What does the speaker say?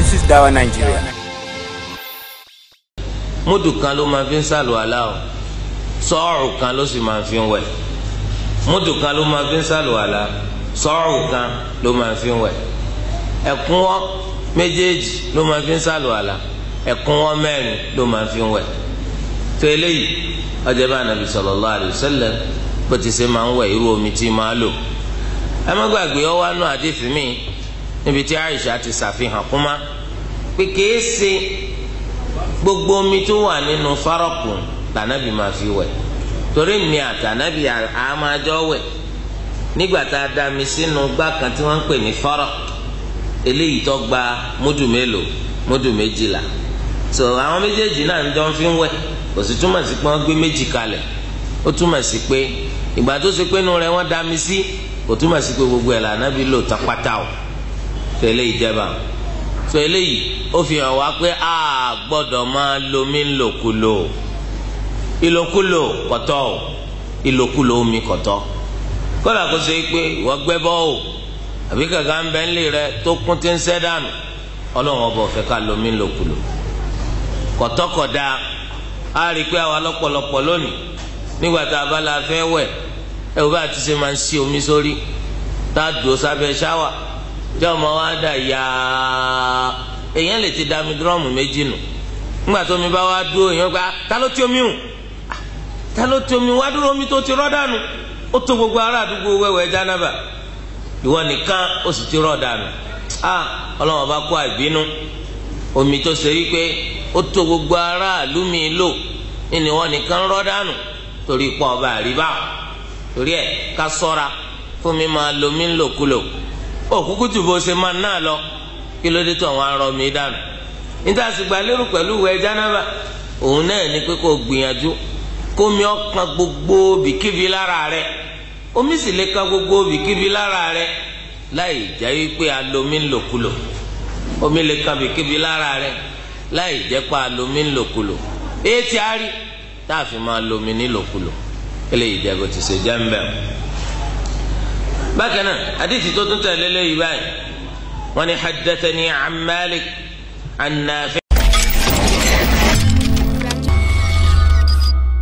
This is Dawa Nigeria. múdù kan ló máa fi ń ṣàlùwàlá o sọ́ọ̀rù kan ló sì máa fi ń wẹ̀ múdù kan ló máa fi ń ṣàlùwàlá sọ́ọ̀rù kan ló máa fi ń wẹ̀ ẹ̀kúnwọ́ méjèèjì ló máa fi ń ṣàlùwàlá ẹ̀kúnwọ́ mẹ́rin ló máa fi ń wẹ̀ tó eléyìí ọjọ́ bá nàbì sallallahu alaihi wasallam bó ti ṣe máa ń wẹ̀ irú omi tí máa lò ẹ má gbàgbé ọwọ́ àánú àdéfì míì níbi tí Aisha ti ṣàfihàn kúmá pé kìí ṣe gbogbo omi tó wà nínú fárọ̀kù tànàbì máa fi wẹ̀ torí mi àtànàbì àmàjọ wẹ̀ nígbà tá a dá mi sínú gbá kan tí wọ́n ń pè ní fárọ̀kù eléyìí tó gba múdù mélòó múdù méjìlá so àwọn méjèèjì náà ń jọ ń fi ń wẹ̀ kò sì túmọ̀ sí pé wọ́n gbé méjì kalẹ̀ ó túmọ̀ sí pé ìgbà tó ṣe pé inú rẹ̀ wọ́n dá mi sí kò túmọ̀ sí pé gbogbo ẹ̀ lànà bí lò tán pátá o tó eléyìí jẹba tó eléyìí ó fi hàn wá pé a gbọ́dọ̀ máa lomi ńlòkulò ìlòkulò kọ̀tọ́ o ìlòkulò omi kọ̀tọ́ kódà kó ṣe pé wọ́n gbẹ́ bọ́ o àbí kàkà ń bẹ́ ńlẹ̀ rẹ tó kún tí ń sẹ́ dànù ọlọ́run ọba ọ̀fẹ́ ká lomi ńlòkulò kọ̀tọ́kọ̀dá a rí i pé àwa lọ́pọ̀lọpọ̀ lónìí nígbà tá a bá la fẹ́ wẹ̀ ẹ̀ wọ́n bá ti ṣe máa ń ṣí omi sórí tá a dùn sábẹ́ ṣáwà tí ọmọ wa dà yáa èèyàn lè ti dami dúrọ́ọ̀mù méjì nù ńgbà tó mi bá wá dúró èèyàn gba ta ló ti omi hù ah, ta ló ti omi wá dúró omi tó ti rọ́ ó tó gbogbo ará àdúgbò wẹ́wẹ́ jánábà ìwọ nìkan ó sì ti rọ̀ a ah, ọlọ́wọ́n bá kó omi tó ṣe rí ó tó gbogbo aráàlú mi lò wọn nìkan torí pọ̀ ọba àríbá torí fún mi máa lomi òkúkú jù bó ṣe máa náà lọ kí ló dé tó àwọn arọ mi dànù níta sì gba lérò pẹ̀lú ìwẹ̀ òun náà ní pé gbìyànjú kó ọkàn gbogbo bìkíbi lára rẹ omi sì lè gbogbo bìkíbi lára rẹ láì jẹ́ alomi ń lòkulò omi lè bìkíbi lára alomi ń lòkulò èyí a rí بكنا حديث توتنت للي باي حدثني عن مالك عن نافع